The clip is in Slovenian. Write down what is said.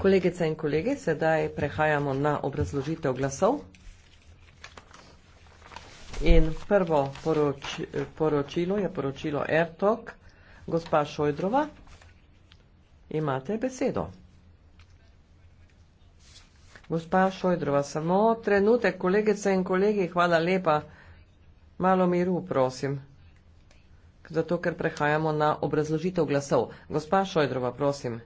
kolegice in kolegi sedaj prehajamo na obrazložitev glasov in prvo poročilo je poročilo ertok gospa šojdrova imate besedo gospa šojdrova samo trenutek kolegice in kolegi hvala lepa malo miru prosim zato ker prehajamo na obrazložitev glasov. Gospa Šojdrova, prosim.